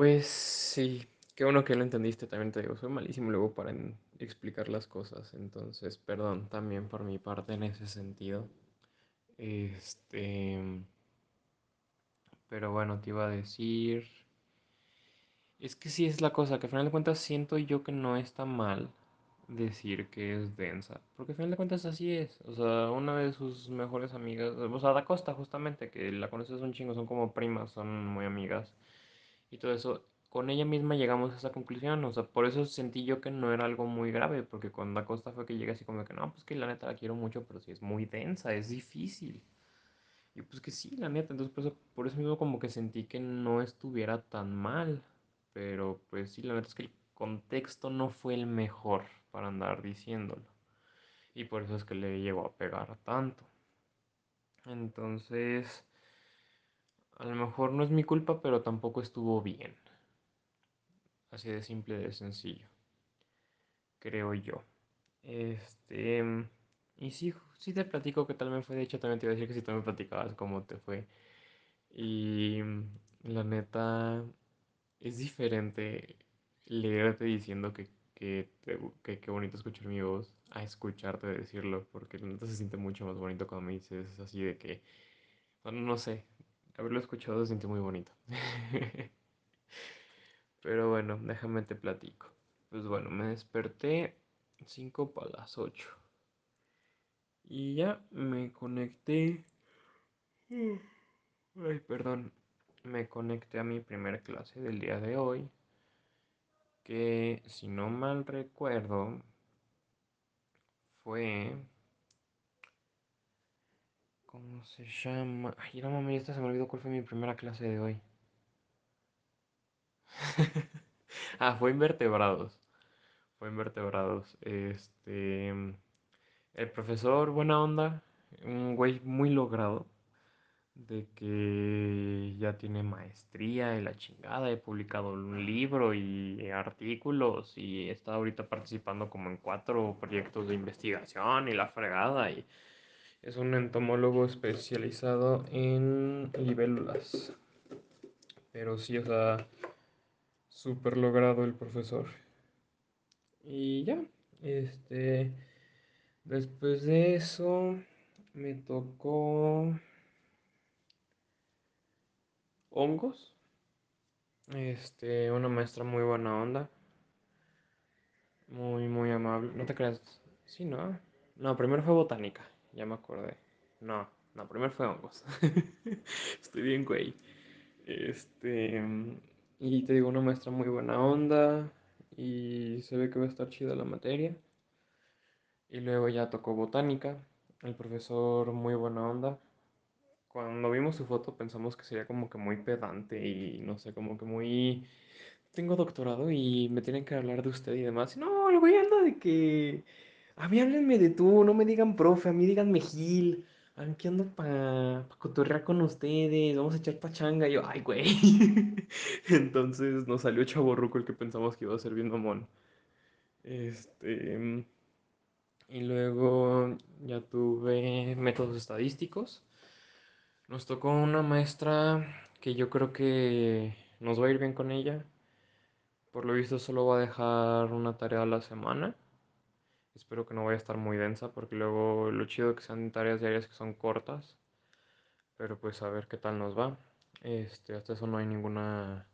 Pues sí, qué bueno que lo entendiste, también te digo, soy malísimo luego para explicar las cosas, entonces perdón también por mi parte en ese sentido. Este, pero bueno, te iba a decir, es que sí es la cosa, que al final de cuentas siento yo que no está mal decir que es densa, porque al final de cuentas así es, o sea, una de sus mejores amigas, o sea, Da Costa justamente, que la conoces un chingo, son como primas, son muy amigas y todo eso, con ella misma llegamos a esa conclusión, o sea, por eso sentí yo que no era algo muy grave, porque cuando Acosta fue que llegue así como que, no, pues que la neta la quiero mucho, pero sí es muy densa, es difícil. Y pues que sí, la neta, entonces por eso, por eso mismo como que sentí que no estuviera tan mal, pero pues sí, la neta es que el contexto no fue el mejor para andar diciéndolo. Y por eso es que le llegó a pegar tanto. Entonces, a lo mejor no es mi culpa, pero tampoco estuvo bien. Así de simple, de sencillo. Creo yo. Este. Y sí, sí te platico que tal me fue. De hecho, también te iba a decir que si tú me platicabas cómo te fue. Y la neta, es diferente leerte diciendo que, que, bonito escuchar mi voz a escucharte decirlo, porque la neta se siente mucho más bonito cuando me dices así de que, Bueno, no sé, haberlo escuchado se siente muy bonito. Pero bueno, déjame te platico. Pues bueno, me desperté 5 para las 8. Y ya me conecté. Mm. Ay, perdón. Me conecté a mi primera clase del día de hoy. Que si no mal recuerdo, fue ¿Cómo se llama? Ay, no mames, esta se me olvidó cuál fue mi primera clase de hoy. ah, fue invertebrados. Fue invertebrados. Este. El profesor, buena onda. Un güey muy logrado. De que ya tiene maestría y la chingada. He publicado un libro y artículos. Y está ahorita participando como en cuatro proyectos de investigación y la fregada. Y es un entomólogo especializado en libélulas. Pero sí, o sea, súper logrado el profesor. Y ya, este, después de eso me tocó hongos. Este, una maestra muy buena onda. Muy, muy amable. No te creas. Sí, ¿no? No, primero fue botánica ya me acordé. No, no, primero fue hongos. Estoy bien, güey. Este. Mm, y te digo, una maestra muy buena onda. Y se ve que va a estar chida la materia. Y luego ya tocó botánica. El profesor muy buena onda. Cuando vimos su foto pensamos que sería como que muy pedante y no sé, como que muy... Tengo doctorado y me tienen que hablar de usted y demás. Y no, el güey anda de que a mí háblenme de tú, no me digan profe, a mí díganme Gil. que ando para cotorrear con ustedes, vamos a echar pachanga. Y yo, ay, güey. Entonces nos salió chaborruco el que pensamos que iba a ser bien mamón. Este. Y luego ya tuve métodos estadísticos. Nos tocó una maestra que yo creo que nos va a ir bien con ella. Por lo visto solo va a dejar una tarea a la semana. Espero que no vaya a estar muy densa porque luego lo chido que sean tareas diarias que son cortas. Pero pues a ver qué tal nos va. Este, hasta eso no hay ninguna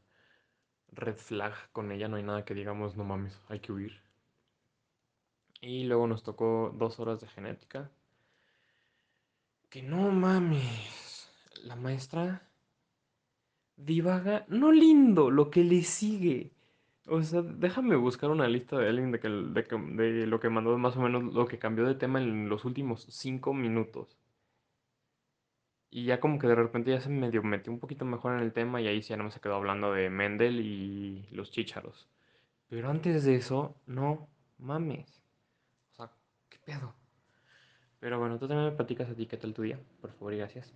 red flag con ella, no hay nada que digamos, no mames, hay que huir. Y luego nos tocó dos horas de genética. Que no mames, la maestra divaga, no lindo, lo que le sigue. O sea, déjame buscar una lista de alguien de, que, lo que mandó más o menos lo que cambió de tema en los últimos cinco minutos. Y ya como que de repente ya se medio metió un poquito mejor en el tema y ahí sí ya no me se quedó hablando de Mendel y los chícharos. Pero antes de eso, no mames. O sea, ¿qué pedo? Pero bueno, tú también me platicas a ti qué tal tu día, por favor y gracias.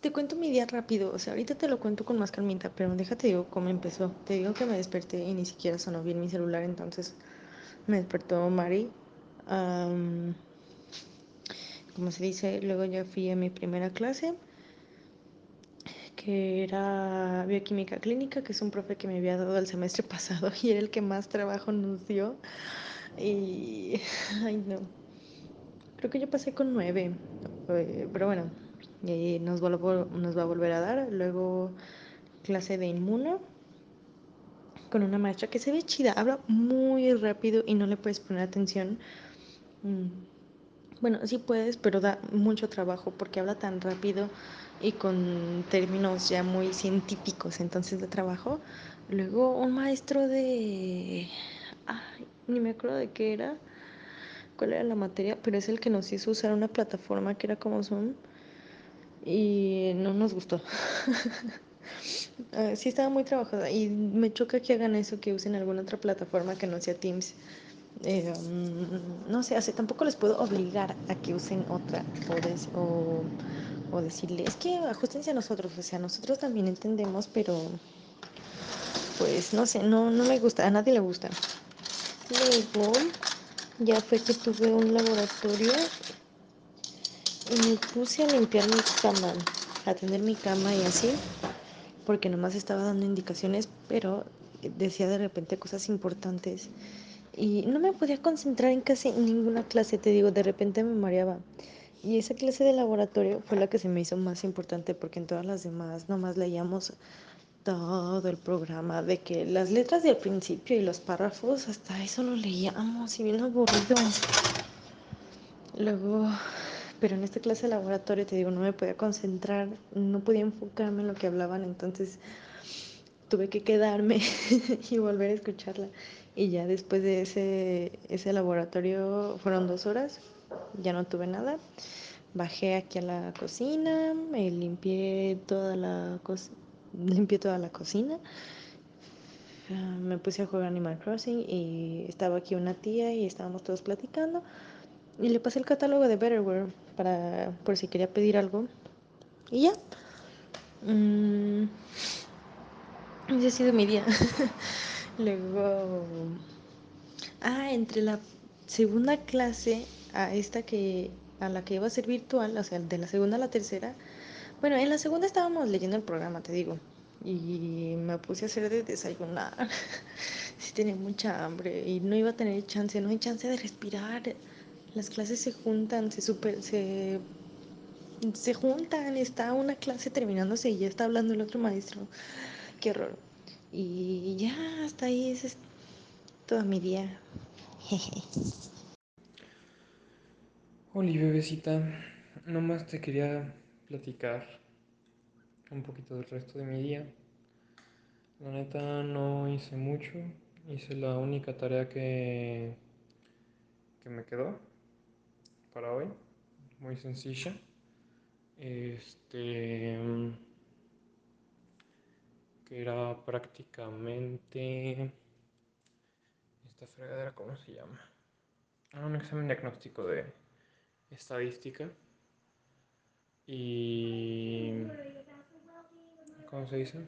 Te cuento mi día rápido, o sea, ahorita te lo cuento con más calmita, pero déjate digo cómo empezó. Te digo que me desperté y ni siquiera sonó bien mi celular, entonces me despertó Mari. como se dice, luego ya fui a mi primera clase, que era bioquímica clínica, que es un profe que me había dado el semestre pasado y era el que más trabajo nos dio. Y, ay no, creo que yo pasé con nueve, eh, pero bueno y ahí nos va, nos va a volver a dar. Luego clase de inmuno con una maestra que se ve chida, habla muy rápido y no le puedes poner atención. Mm, bueno, sí puedes, pero da mucho trabajo porque habla tan rápido y con términos ya muy científicos, entonces de trabajo. Luego un maestro de... Ay, ni me acuerdo de qué era, cuál era la materia, pero es el que nos hizo usar una plataforma que era como son y no nos gustó. Ah, sí estaba muy trabajada y me choca que hagan eso, que usen alguna otra plataforma que no sea Teams. Eh, mm, no sé, así, tampoco les puedo obligar a que usen otra o, decirles que ajustense a nosotros, o sea, nosotros también entendemos, pero pues no sé, no, no me gusta, a nadie le gusta. Luego, ya fue que tuve un laboratorio y me puse a limpiar mi cama, a tener mi cama y así, porque nomás estaba dando indicaciones, pero decía de repente cosas importantes y no me podía concentrar en casi ninguna clase, te digo, de repente me mareaba. Y esa clase de laboratorio fue la que se me hizo más importante porque en todas las demás nomás leíamos todo el programa, de que las letras del principio y los párrafos, hasta eso lo leíamos y bien aburrido. Luego pero en esta clase de laboratorio, te digo, no me podía concentrar, no podía enfocarme en lo que hablaban, entonces tuve que quedarme y volver a escucharla. Y ya después de ese, ese laboratorio fueron dos horas, ya no tuve nada. Bajé aquí a la cocina, me limpié toda la, co limpié toda la cocina ah, me puse a jugar Animal Crossing y estaba aquí una tía y estábamos todos platicando y le pasé el catálogo de Betterware para, por si quería pedir algo. Y ya. Mm. ese ha sido mi día. Luego... Ah, entre la segunda clase a esta que a la que iba a ser virtual, o sea, de la segunda a la tercera. Bueno, en la segunda estábamos leyendo el programa, te digo, y me puse a hacer de desayunar. sí tenía mucha hambre y no iba a tener chance, no hay chance de respirar las clases se juntan, se, super, se, se juntan, está una clase terminándose y ya está hablando el otro maestro. Qué horror. Y ya, hasta ahí es todo mi día. Hola, bebecita. Nomás te quería platicar un poquito del resto de mi día. La neta no hice mucho, hice la única tarea que, que me quedó, para hoy, muy sencilla. Este que era prácticamente esta fregadera, ¿cómo se llama? Ah, un examen diagnóstico de estadística y ¿cómo se dice?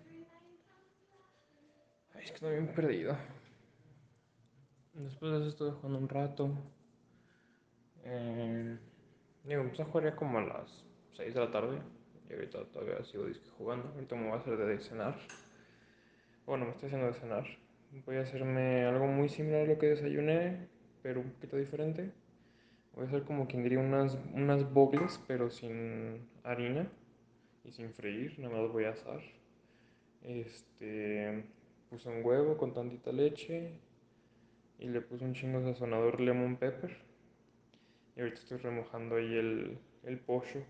es que estoy bien perdido. Después de eso estuve un rato. Eh, digo, a jugar ya como a las 6 de la tarde. Y ahorita todavía sigo jugando. Ahorita me voy a hacer de cenar. Bueno, me estoy haciendo de cenar. Voy a hacerme algo muy similar a lo que desayuné, pero un poquito diferente. Voy a hacer como quien unas, unas bogles, pero sin harina y sin freír. Nada más voy a asar. Este, puse un huevo con tantita leche y le puse un chingo sazonador lemon pepper ahorita estoy remojando ahí el, el pollo.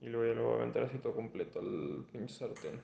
Y luego ya lo voy a aventar así todo completo al pinche sartén.